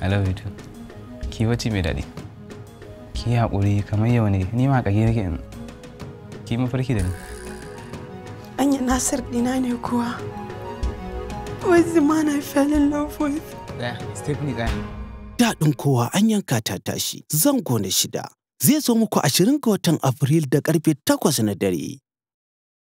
I love you too. Ki wacce mai daɗi. Ki haƙuri kamar yau ne, ni ma ƙage nake in. Ki mafarki da ni. Anya Nasir ɗina ne kuwa. What's the man I fell in love with? Ɗaya, Stephanie ɗaya. Daɗin kowa an yanka ta tashi, zango na shida. Zai zo muku ashirin ga watan Afril da ƙarfe takwas na dare.